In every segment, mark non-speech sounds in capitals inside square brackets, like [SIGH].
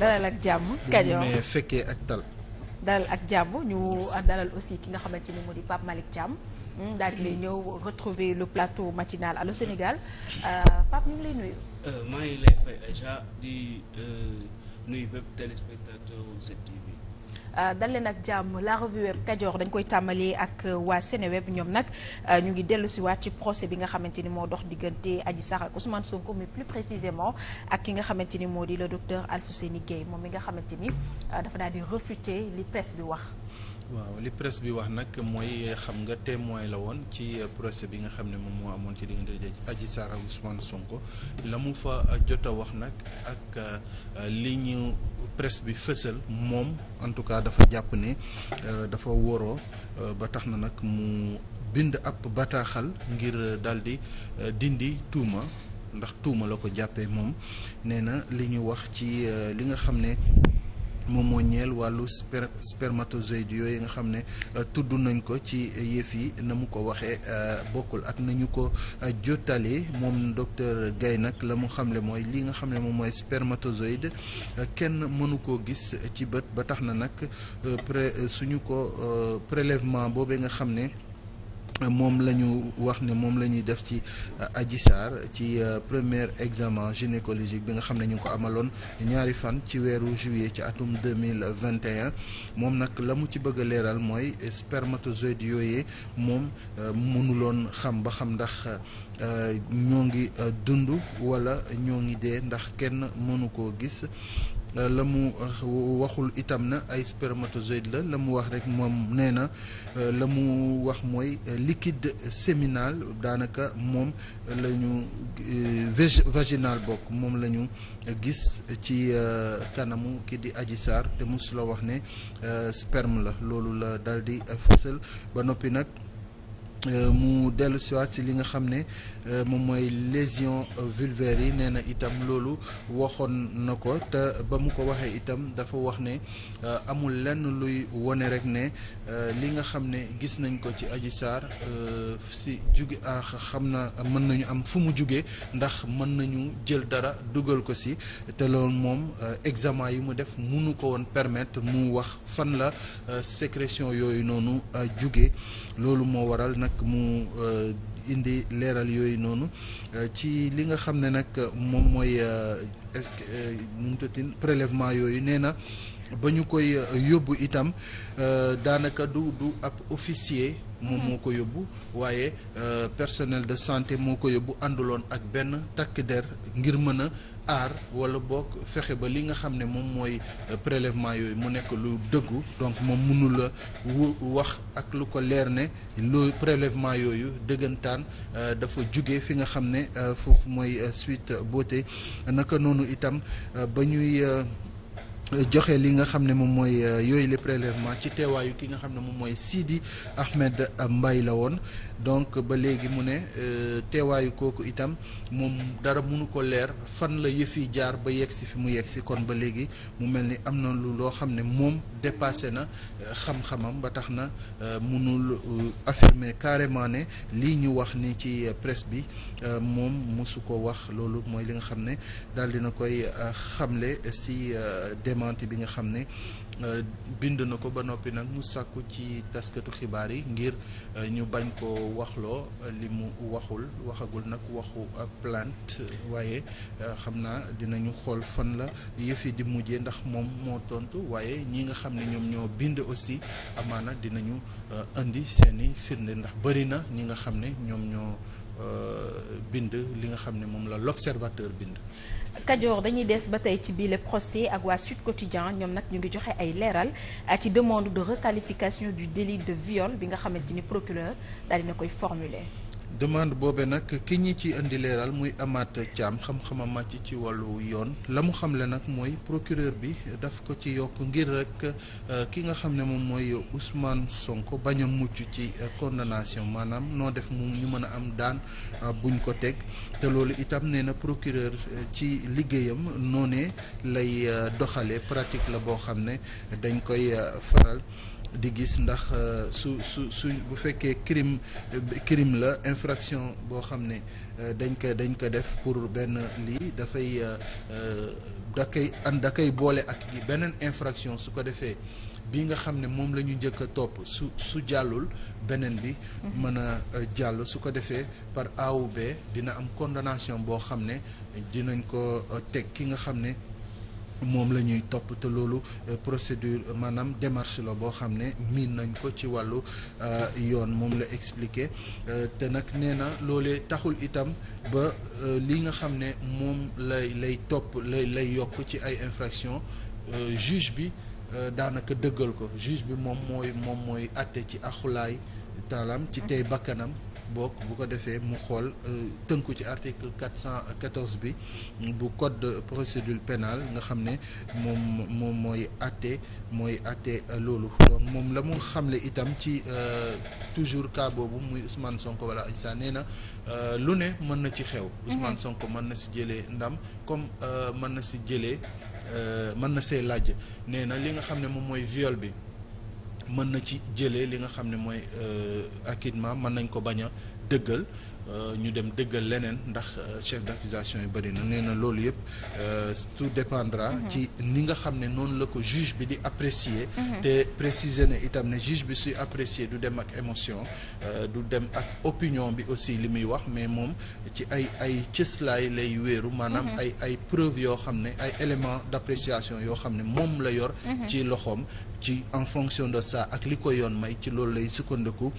dalal ak jàmm Kajoor mais fekkee ak dal dalal ak jàmm ñu dalal aussi ki nga xamante ni moo di Pape Malick Thiam hmm, daal di lay ñëw retrouver le plateau matinal Allô Sénégal euh, Pape ñu ngi lay nuyu euh, maa ngi lay fay Aïcha di euh, nuyu bépp Euh, dal leen ak jàmm la revue web Kajoor dañ koy tàmbali ak euh, waa Seneweb ñoom nag euh, ñu ngi dellu si waat ci procès bi nga xamante ni moo dox diggante Adji sax ak Ousmane Sonko mais plus précisément ak ki nga xamante ni moo di le docteur Alfouseyni Gaye moom mi nga xamante ni dafa daal di réfuter li presse bi wax waaw li presse bi wax nag mooy xam nga témoin la woon ci procès bi nga xam ne moom moo amoon ci diggante Adji Sarr ak Ousmane Sonko la mu fa jot a wax nag ak euh, li ñu presse bi fësal moom en tout cas dafa jàpp ne euh, dafa woroo euh, ba tax na nag mu bind ab bataaxal ngir daal di dindi tuuma ndax tuuma la ko jàppee moom nee na li ñu wax ci li nga xam ne. moom moo ñeel wàllu sper spermatozoïde yooyu nga xam ne euh, tudd nañ ko ci yëf yi na mu ko waxee euh, bokkul ak na ñu ko euh, jottalee moom docteur Gaye nag la mu xamle mooy li nga xam ne moom mooy spermatozoïde kenn mënu koo gis ci bët ba tax na nag pré suñu ko prélèvement boobee nga xam ne. moom la ñu wax ne moom la ñuy def ci euh, Adji Sarr ci euh, premier examen gynécologique bi nga xam ne ñu ko amaloon ñaari fan ci weeru juillet ci atum deux mille vingt et moom nag la mu ci bëgg a leeral mooy spermatozoïde yooyee moom euh, mënuloon xam ba xam ndax ñoo ngi dund wala ñoo ngi dee ndax kenn mënu koo gis. la mu waxul itam na ay spermatozoïde la la mu wax rek moom nee na la mu wax mooy liquide séminal daanaka moom la ñu euh, vaginal bokk moom la ñu gis ci euh, kanamu ki di Adji te mosu wax ne euh, sperme la loolu la daal di fësal ba noppi nag Euh, mu dellu siwaat si li nga xam ne euh, moom mooy lésion vulvaire yi nee na itam loolu waxoon na ko te ba mu ko waxee itam dafa wax ne euh, amul lenn luy wone rek ne li nga xam ne gis nañ ko ci Adji Sarr si juge a ah, xam na mën nañu am fu mu jugee ndax mën nañu jël dara dugal ko si te lool moom examen yi mu def munu ko woon permettre mu wax fan la sécrétion yooyu noonu jugee loolu moo waral nag mu euh, indi leeral yooyu noonu euh, ci li nga xam ne nag moom mooy euh, est-ce que prélèvement yooyu nee na ba ñu koy yóbbu itam daanaka du du ab officier. moom moo ko yóbbu waaye personnel de santé moo ko yóbbu ànduloon ak benn takk der ngir mën a. aar wala boog fexe ba li nga xam ne moom mooy euh, prélèvement yooyu mu nekk lu dëggu donc moom mënula wax ak lu ko leer ne lu prélèvement yooyu dëggantaan euh, dafa jóge fi nga xam ne euh, foofu mooy Sweet Beauté naka noonu itam ba ñuy joxe li nga xam ne moom mooy yooyu les prélèvements ci teewaayu ki nga xam ne moom mooy Sidi Ahmed mbay la woon donc ba léegi mu ne euh, teewaayu kooku itam moom dara mënu ko leer fan la yëf yi jaar ba yegg si fi mu yegg si kon ba léegi mu mel ni am na lu loo xam ne moom dépassé na euh, xam-xamam ba tax na euh, mënul affirmer carrément ne lii ñu wax ni ci presse bi moom mosu ko wax loolu mooy li nga xam ne daal dina koy xamle si démenti bi nga xam ne Euh, bind na ko ba noppi nag mu sàkku ci taskatu xibaar yi ngir euh, ñu bañ ko waxloo euh, li mu waxul waxagul nag waxu plainte waaye xam naa dinañu xool fan la yëf di mujje ndax moom moo tontu waaye ñi nga xam ne ñoom ñoo bind aussi amaana dinañu indi seeni firnde ndax bëri na ñi nga xam ne ñoom ñoo bind li nga xam ne moom la l'observateur bind Kajoor dañuy des ba tey ci biir procès ak waa Sud Quotidien ñoom nag ñu ngi joxe ay leeral euh, ci demande de requalification du délit de viol bi nga xamante ni procureur daal dina koy formuler demande boobe nag ki ñi ci indi leeral muy amaat Thiam xam-xama màcc ci wàllu yoon la mu xam xamle nag mooy procureur bi daf ko ci yokk ngir rek euh, ki nga xam ne moom mooy Ousmane Sonko bañ a mucc ci euh, condamnation maanaam noo def mu ñu mën a am daan euh, buñ ko teg te loolu itam nee na procureur ci liggéeyam noone lay doxalee pratique la boo xam ne dañ koy faral. di gis ndax euh, su su su bu fekkee crime euh, crime la infraction boo xam ne euh, dañ ko dañ ko def pour benn lii dafay da koy an da boole ak beneen infraction su ko defee bi nga xam ne moom la ñu njëkk a topp su su jàllul beneen bi mën a jàll su ko defee par A ou B dina am condamnation boo xam ne dinañ ko teg ki nga xam ne moom la ñuy topp te loolu euh, procédure euh, maanaam démarche la boo xam ne miin nañ ko ci wàllu euh, yoon moom la expliqué te nag nee na loolee taxul itam ba li nga xam ne moom lay lay topp lay lay yokk ci ay infraction juge bi daanaka dëggal ko juge bi moom mooy moom mooy àtte ci axulaay taalam ci tey bakkanam bokk bu ko defee mu xool euh, tënku ci article cent quatorze bi bu code de procédure pénale nga xam ne moom moom mooy àtte mooy àtte euh, loolu moom la mu xamle itam ci euh, toujours cas bu muy Ousmane Sonko wala Adji Sarr nee na lu ne mën na ci xew mhm. Ousmane Sonko mën na si jëlee ndam comme mën na si jëlee mën na see laaj nee na li nga xam ne moom mooy viol bi mën na ci jëlee li nga xam ne mooy euh, acquittement mën nañ ko bañ a dëggal Euh, ñu dem dëggal leneen ndax euh, chef d'accusation yi bëri na nee na loolu yëpp euh, tout dépendra mhm. ci ni nga xam ne noonu la ko juge bi di apprécier mhm. te préciser na itam ne juge bi suy apprécier du dem ak émotion du dem ak opinion bi aussi li muy wax mais moom ci ay ay cëslaay lay wéeru maanaam mhm. ay ay preuve yoo xam ne ay éléments d'appréciation yoo xam ne moom la yor ci loxoom ci en fonction de ça ak li ko yoon may ci loolu lay sukkandeku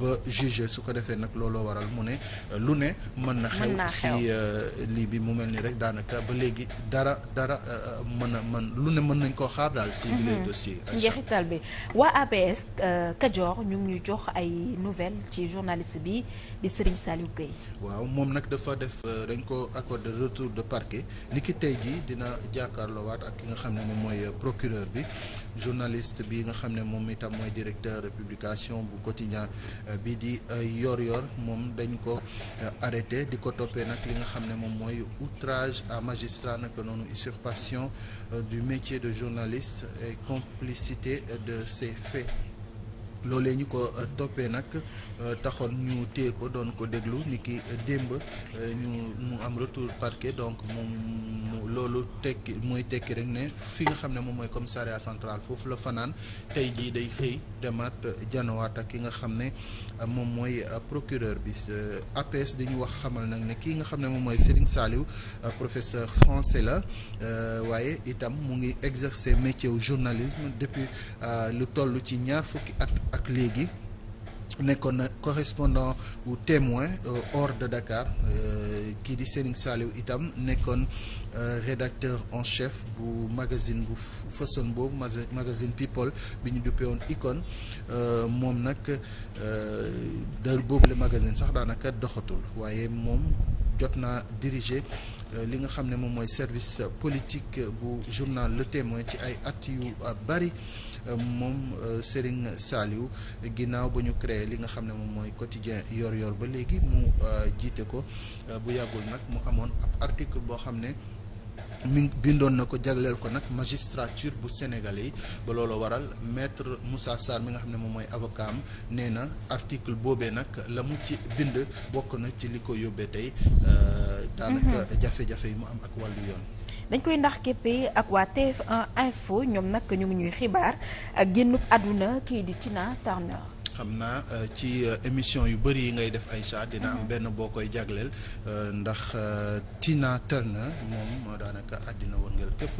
ba juger su ko defee nag looloo waral mu ne lu ne mën na xew si euh, lii bi mu mel ni rek daanaka ba léegi dara dara euh, mën a mën lu ne mën nañ ko xaar daal si mhm. bi lay dossier njeexital bi waa APS euh, Kajoor ñu ngi ñuy jox ay nouvelle ci journaliste bi di Serigne Saliou Gueye waaw moom nag dafa def dañ ko accord de retour de parquet ni ki tey jii dina jàkkaarloowaat ak ki nga xam ne moom mooy procureur bi journaliste bi nga xam ne moom itam mooy directeur de publication bu quotidien bi di yor yor moom dañ ko Euh, arrêté di ko toppee nag li nga xam ne moom mooy outrage à magistrat naka noonu usurpation euh, du métier de journaliste et complicité de ces faits loolee ñu ko euh, toppee nag euh, taxoon ñu téye ko doon ko déglu ni ki euh, démb ñu mu am retour parquet donc moom loolu tekki mooy tekki rek ne fi nga xam ne moom mooy commissariat central foofu la fanaan tey jii day xëy demaat janowaat ki nga xam ne moom mooy procureur bi APS dañu wax xamal nag ne kii nga xam ne moom mooy Serigne Saliou professeur français la waaye itam mu ngi exercer métier journalisme depuis lu toll ci ñaar fukki at ak léegi nekkoon na correspondant ou témoin euh, hors de Dakar euh, kii di Serigne Saliou itam nekkoon euh, rédacteur en chef bu magazine bu façon boobu magazine People bi ñu duppee woon Icon moom nag da boobu le magazine sax daanaka doxatul waaye moom jot naa diriger euh, li nga xam ne moom mooy service politique bu journal Le Témoin ci ay at yu bari euh, moom euh, Serigne Saliou ginnaaw ba ñu créer li nga xam ne moom mooy quotidien yor-yor ba léegi mu jiite ko bu yàggul nag mu amoon ab article boo xam ne. mi bindoon na ko jagleel ko nag magistrature bu sénégalais ba loolu waral maître Moussa Sarr mi nga xam ne moom mooy avocat am nee na article boobee nag la mu ci bind bokk na ci li ko yóbbee tey euh, daanaka mhm. jafe-jafe yi mu am ak wàllu yoon dañ koy ndax képpee ak waa TF1 info ñoom nag ñu ngi ñuy xibaar ak génnub àdduna kii di Tina Turner xam naa euh, ci euh, émission yu bëri yi ngay def Aïcha dina am mhm. benn boo koy jagleel euh, ndax Tina Turner moom daanaka àddina wërngël képp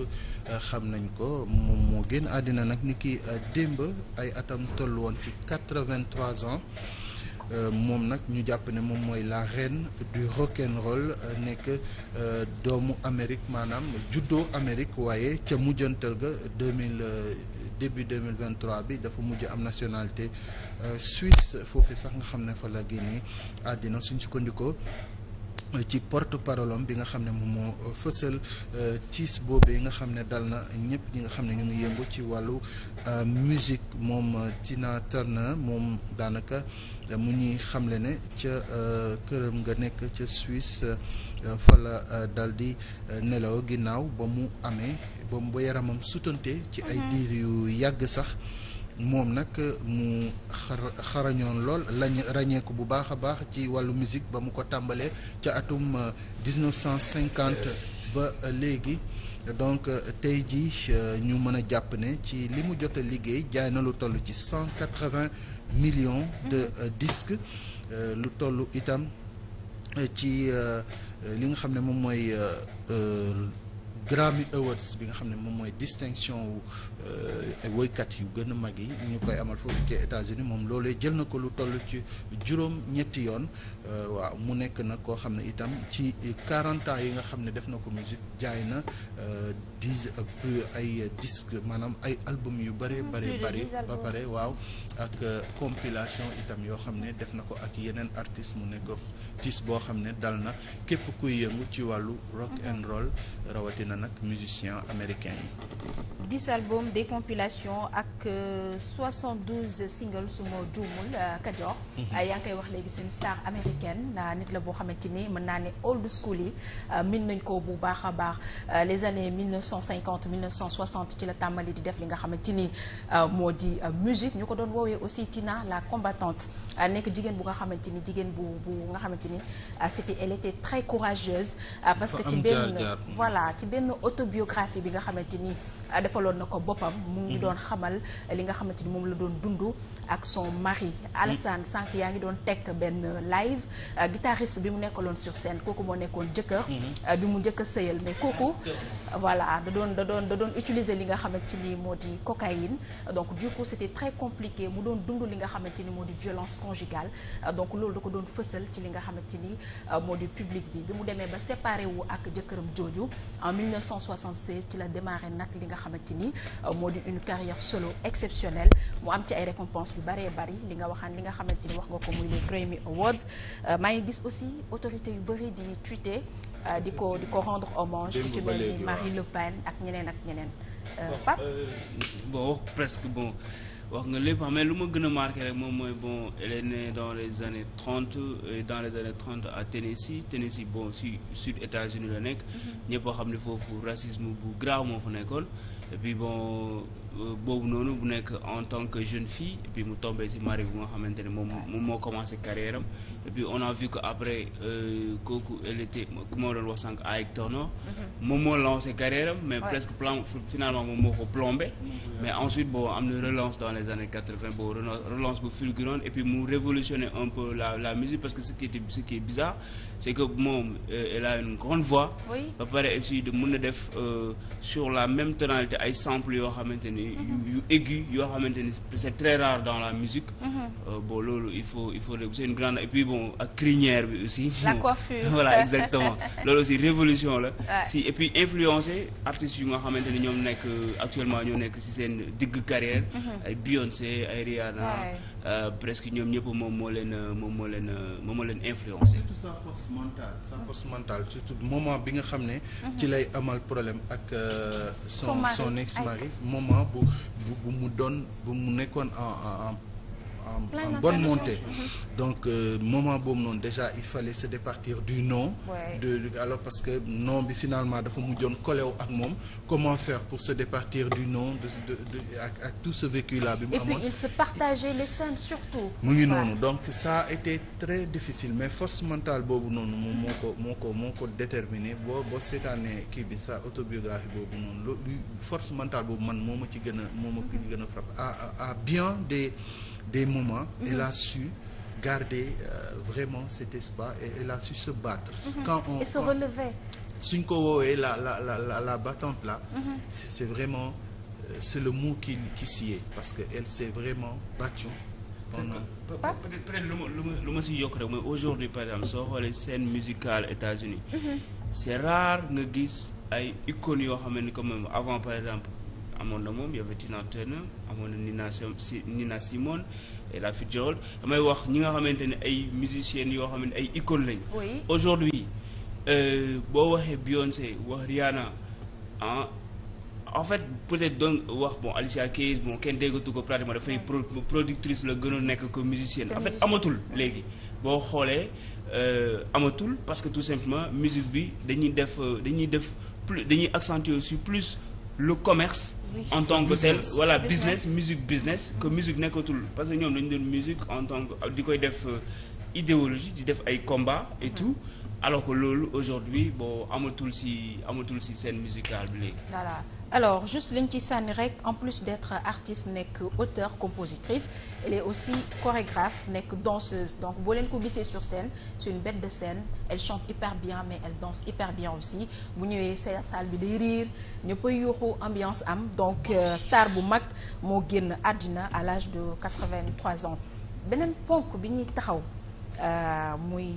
xam nañ ko moom moo génn àddina nag ni ki démb ay atam toll woon ci quatre-vingt-trois ans moom nag ñu jàpp ne moom mooy la reine du rock and roll nekk doomu Amérique maanaam juddoo Amérique waaye ca mujjantal ga 2000 début 2023 bi dafa mujj am nationalité euh, suisse foofu sax nga xam ne fa la génnee àddina suñ sukkandikoo euh, ci porte parole bi nga xam ne moom moo euh, fësal tiis boobee nga xam ne dal na ñëpp ñi nga xam ne ñu ngi yëngu ci wàllu musique moom Tina na moom daanaka mu ñuy xamle ne ca këram nga nekk ca Suisse fa la dal di nelaw ginnaaw ba mu amee. bam ba yaramam sutante ci ay mhm. diir yu yàgg sax moom nag euh, mu xarañoon lool lañ bu baax a baax ci wàllu musique ba mu ko tàmbalee ca atum 1950 euh, ba léegi donc euh, tey ji ñu mën a jàpp ne ci li mu jot liggéey jaay na lu toll ci 180 millions de mhm. disques lu toll itam ci li nga xam ne moom mooy Grammy Awards bi nga xam ne moom mooy distinction wu euh, ay woykat yu gën a mag yi ñu koy amal foofu ci États-Unis moom loolee jël na ko lu toll ci juróom-ñetti yoon euh, waaw mu nekk nag koo xam ne itam ci 40 yi nga xam ne def na ko musique jaay na euh, Euh, dix ak ay disque album yu bëree bëri bëri ba pare waaw euh, compilation itam yoo xam ne def na ko ak yeneen artiste mu nekk tiis boo xam ne dal na képp kuy yëngu ci wàllu rock mhm. and roll rawatina nag musicien américain yi dix albums des compilations ak euh, soixante-douze singles su ma juumul Kajoor mhm. ah, yaa ngi wax léegi suñu star américaine nit la boo xamante ni mën naa ne old school yi min nañ ko bu baax baax les années 1950 1960 ci la tàmbali di def li nga xamante ni euh, moo di euh, musique ñu ko doon woowee aussi Tina la combattante euh, nekk jigéen bu nga xamante ni jigéen bu bu nga xamante ni c'était elle était très courageuse parce que ci benn voilà ci benn autobiographie bi nga xamante ni defaloon na ko boppam mu ngi mhm. doon xamal li nga xamante ni moom la doon dund ak son mari. Alassane sànq yaa ngi doon tekk benn live euh, guitariste bi mu nekkaloon sur scène kooku moo nekkoon jëkkër. Mm-hmm. Euh, bi mu njëkk a sëyal mais kooku. Ah, voilà da doon da doon da doon utiliser li nga xamante ni moo di cocaïne donc du coup c' était très mu doon dund li nga xamante ni moo di violence conjugale euh, donc loolu da ko doon fësal ci li nga xamante ni moo di public bi bi mu demee ba séparé wu ak jëkkëram jooju en 1976 ci la démarré nag li nga xamante ni moo di une carrière solo exceptionnelle mu am ci ay récompenses. yu bari bëri li nga waxaan li nga xamante ni wax nga ko muy les Grammy Awards euh, maa ngi gis aussi autorité yu bëri di tweeter euh, di ko di ko rendre hommage ku ci mel Marie Le Pen ak ñeneen ak ñeneen euh, Pape bon wax presque bon wax nga lépp xam ne lu ma gën a marqué rek moom mooy bon elle est dans les années trente et dans les années trente à Tennessee Tennessee bon si sud États-Unis la nekk mhm. ñëpp xam ne foofu racisme bu grave moo fa nekkoon et bon Euh, boobu noonu bu nekk en tant que jeune fille et puis mu tombé ci mari bu nga xamante ne moom moom moo commencé carrière am et puis on a vu que après euh, kooku elle était ku ma doon wax sànq Ike Turner mhm. moom moo lancé carrière am mais presque plan finalement moom moo ko plombé mais ensuite bon am na relance dans les années 80 bon relance bu fulgurante et puis mu révolutionné un peu la la musique parce que ce qui était ce qui est bizarre c'est que moom euh, elle a une grande voix ba pare aussi de mën na def sur la même tonalité ay samples yoo xamante ni yu aigu yoo xamante ni c'est très rare dans la musique mhm. euh, bon loolu il faut il faut c'est une grande et puis bon ak crinière bi aussi la [LAUGHS] coiffure voilà exactement [LAUGHS] loolu si révolution la si et puis influencer artistes yu nga xamante ni ñoom nekk actuellement ñoo nekk si seen digg carrière mhm. ay Beyoncé ay Rihanna euh, presque ñoom ñëpp moom moo leen moom moo leen moom moo leen influencer surtout sa force mentale sa force bi nga xam ne mhm. ci lay amal problème ak euh, son son ex-mari bu bu mu doon bu mu nekkoon en en en, en bonne montée donc euh, moment boobu noonu déjà il fallait se départir du nom de alors parce que nom bi finalement dafa mu joon kolew ak moom comment faire pour se départir du nom de de ak ak tout ce vécu là bi mu amoon et il se partageait les scènes surtout mu ngi noonu donc ça a été très difficile mais force mentale boobu noonu moom moo ko moo ko moo ko déterminé boo boo seetaanee kii bi sa autobiographie boobu noonu loolu force mentale boobu man moo ma ci gën a moo ma a frappe à à bien moments, mm -hmm. elle a su garder euh, vraiment cet espace elle a su se battre. Mm -hmm. ko woowee la la la la la battante là. Mhm. c'est vraiment euh, c'est le mot qui qui s'y est parce que elle s'est vraiment battue. pendant lu ma lu ma si yokk rek mooy aujourd'hui par exemple soo xoolee scène musicale États-Unis mhm. c'est rare nga gis ay icônes yoo xam ne comme avant par exemple. amoon na moom y avait Tina Turner amoon na Nina Nina Simone la Fitzgerald damay wax ñi nga xamante ne ay musiciennes yoo xam ne ay icônes lañ aujourd'hui euh, boo waxee Beyoncé wax Rihanna ah en fait peut-être doon wax bon Alicia Keys bon kenn déggatu ko pratiquement dafay productrice la gën a nekk que musicienne en fait amatul léegi boo xoolee euh, amatul parce que tout simplement musique bi dañuy def euh, dañuy def plus dañuy accentuer aussi plus le commerce en tant que tel voilà business musique business que musique nekkatul parce que ñoom dañu doon musique en tant que di koy def euh, idéologie di def ay combat et tout alors que loolu aujourd'hui boo amatul ci amatul ci scène musicale bi léegi. voilà alors juste liñ ci sànni rek en plus d'être artiste nekk auteur compositrice elle aussi chorégraphe nekk danseuse donc boo leen ko gisee sur scène c'est une bête de scène elle chante hyper bien mais elle danse hyper bien aussi bu ñëwee sa salle bi day ñu ñëppay yuuxu ambiance am donc euh, star bu mag moo génn àddina à l'âge de 83 ans beneen ponk bi ñuy taxaw euh, muy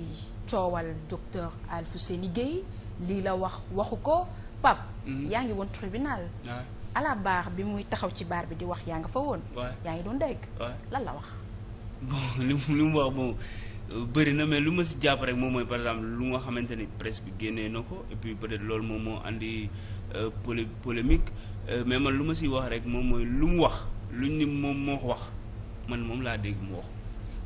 coowal docteur Alfouseyni Guèye lii la wax waxu ko Pape. Mhm. yaa ngi woon tribunal. à la barre bi muy taxaw ci barre bi di wax yaa nga fa woon. yaa ngi doon degg lan la wax. bon [LAUGHS] li mu li mu wax bon euh, bëri na mais lu ma si jàpp rek moom mooy par exemple lu nga xamante ni presse bi génnee na ko et puis peut-être moo andi euh, polé polémique euh, mais man lu ma si wax rek moom mooy lu mu wax lu ñu ni moom moo wax man moom laa dégg mu wax.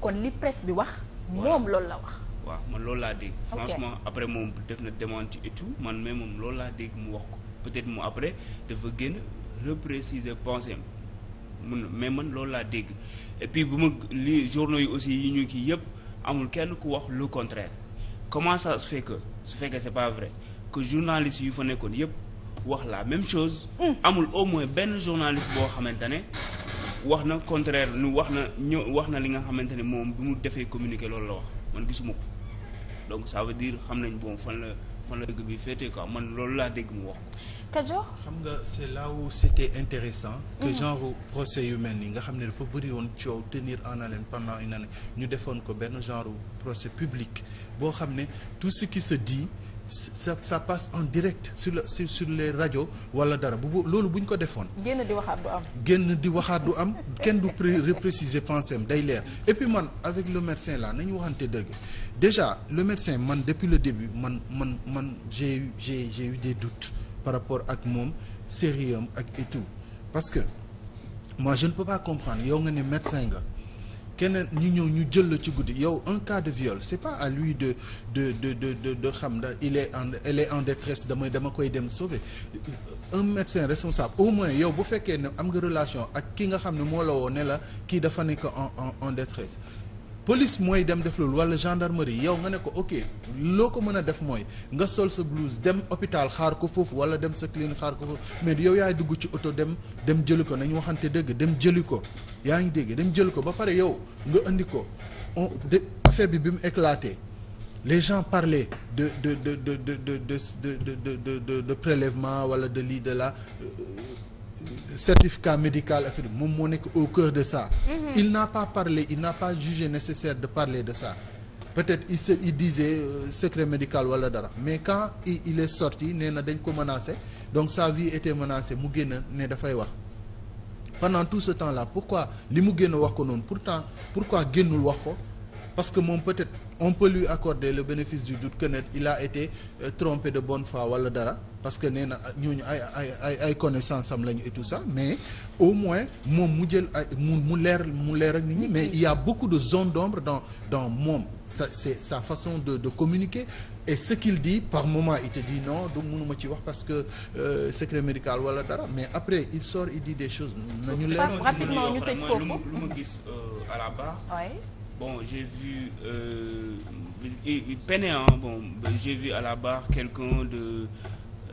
kon li presse bi wax. moom loolu la wax. waaw man loolu laa dégg franchement après moom def na démenti et tout man mais moom loolu laa dégg mu wax ko peut-être mu après dafa génn repréciser pensée mun mais man loolu laa dégg et bu ma li journaux yi aussi ñu kii yëpp amul kenn ku wax lu contraire comment su se su fekkee c'est pas vrai que journaliste yu fa nekkoon yëpp wax laa même chose hmm. amul au moins benn journaliste boo xamante ne wax na contraire nu wax na ñëw wax na li nga xamante ne moom bi mu defee communiqué loolu la wax man gisuma ko donc ça veut xam nañ bon fan la fan la dëgg bi féete quoi man loolu laa dégg mu wax ko. Kajoor. xam nga c' est là où c' était intéressant que mhm. genre procès yu mel nii nga xam ne dafa bëri woon coow tenir en haleine pendant une année ñu defoon ko benn genre procès public boo xam ne tout ce qui se dit. ça ça passe en direct sur la sur, sur les wala dara bu loolu bu ñu ko defoon. génn di waxaat du am. génn di waxaat du am kenn du repréciser pensée am day leer et man avec le médecin là nañu waxante dëgg déjà le médecin man depuis le début man man man j'ai eu j'ai j'ai des doutes par rapport ak moom sérieux ak et parce que moi je ne peux comprendre yow nga ne médecin nga. keneen ñu ñëw ñu jël la ci guddi yow un cas de viol c'est pas à lui de de de de de de xam ndax il est en elle en détresse damay dama koy dem sauver un médecin responsable au moins yow bu fekkee ne am nga relation ak ki nga xam ne moo la woo ne la kii dafa nekk en en en détresse police mooy dem def loolu wala gendarmerie yow nga ne ko ok loo ko mën a def mooy nga sol sa blouse dem hôpital xaar ko foofu wala dem sa clinique xaar ko foofu mais yow yaay dugg ci oto dem dem jëli ko nañu waxante dëgg dem jëli ko yaa ngi dégg dem jëli ko ba pare yow nga indi ko on de affaire bi bi mu éclaté les gens parlaient de de de de de de de de de de de prélèvement wala de lii de là certificat médical affaire moom moo nekk au cœur de ça. Mhm. il n'a pas parlé il n'a pas jugé nécessaire de parler de ça. peut-être il se il disait euh, secret médical wala dara mais quand il, il est sorti nee na dañ ko menacé donc sa vie était menacée mu génn ne dafay wax pendant tout ce temps là pourquoi li mu génn wax ko noonu pourtant pourquoi génnul wax ko parce que moom peut-être on peut lui accorder le bénéfice du doute que il a été euh, de bonne foi wala dara parce que nee na ñooñu ay ay ay ay connaissance am lañu et tout ça mais au moins moom mu jël a mu mu leer mu leer ak nit mais il y beaucoup de zones d'ombre dans dans moom sa c'est sa façon de de communiquer et ce qu'il dit par moment il te dit non du mënuma ci wax parce que euh, secret médical wala dara mais après il sort il dit des choses nañu leer rapidement ñu tëj foofu lu ma gis euh, à la barre bon j'ai vu euh, bon j'ai vu à la barre quelqu'un de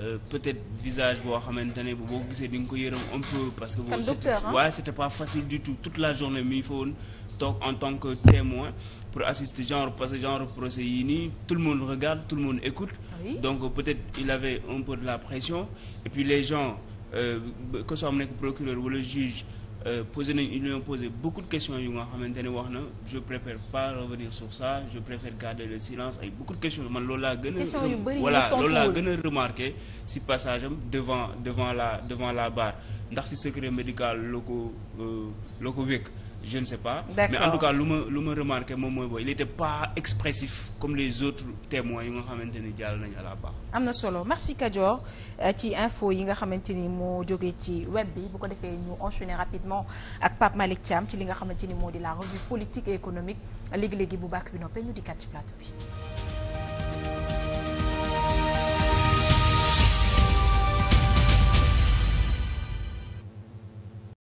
Euh, peut-être visage boo xamante ne boo gisee di nga ko m un peu parce que boo waaye c'était pas facile du tout toute la journée mi fa woon en tant que témoin pou assister genre parce que genre procès yi nii tout le monde regarde tout le monde écoute donc peut-être il avait un peu de la pression et puis les gens euh, que soit mu nekk procureur wala juge Euh, posé nañ ils lui ont posé beaucoup de questions yu nga xamante ne wax na je préfère pas revenir sur ça je préfère garder le silence ay beaucoup de man loolu laa gën a wala loolu laa gën a remarqué si passage am devant devant la devant la barre ndax si secret médical loo ko euh, loo ko wékk je ne sais pas. mais en tout cas lu ma lu ma remarqué moom mooy booy il était pas expressif comme les autres témoins yi nga xamante ni jàll nañu à la barre. am na solo merci Kadior euh, ci info yi nga xamante ni moo jóge ci web bi bu ko defee ñu enchaîner rapidement ak Pape Malick Thiam ci li nga xamante ni moo di la revue politique et économique léegi-léegi bu bàkk bi noppee ñu dikkaat ci plateau bi.